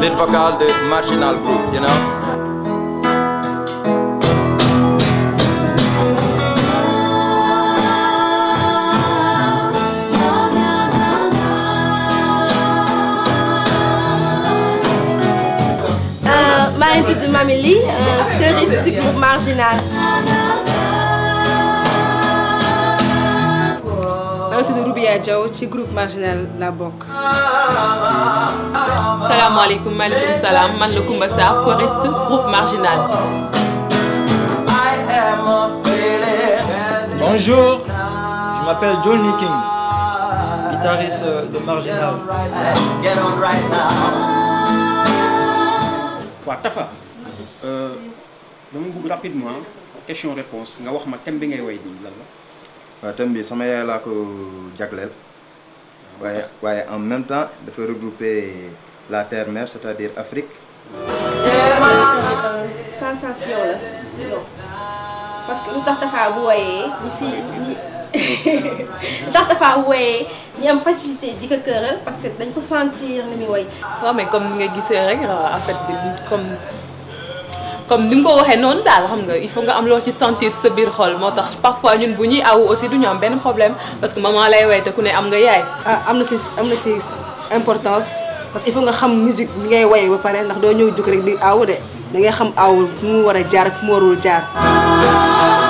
lead vocal de marginal group, you know? Euh, ma ngi tudd mamélie, Ly, marginal Adja Diaw ci groupe marginal la bokk. salaamaaleykum alaikum salam, man la Kumba Sarr choriste groupe marginal. bonjour je m'appelle Johnny King guitariste de marginal. Quoi, Tafa Euh. bëgg rapidement question réponse nga wax ma dire bi ngay woy di lan la thème bi sama yaay laa ko jagleel en même temps faire regrouper la terre mère c'est-à-dire Afrique. sensation là. non parce que lu tax fait wooyee nous si ah ñu lu tax dafaa wooyee ñu am facilité di ko këral parce que dañ ko sentir ni muy woy. waaw mais comme ni nga rek en fait comme comme ni mu ko non, dal, xam nga il faut nga am loo ci sentir sa bir xol motax parfois ñun bu ñuy aussi du ñu am benn problème parce que maman lay way te ku ne am nga yaay. ah am na si am importance parce que il faut nga xam musique bi ngay way ba paré ndax do ñëw juk rek di awu dé da ngay xam awu fu mu wara a jaar fu mu warul jaar.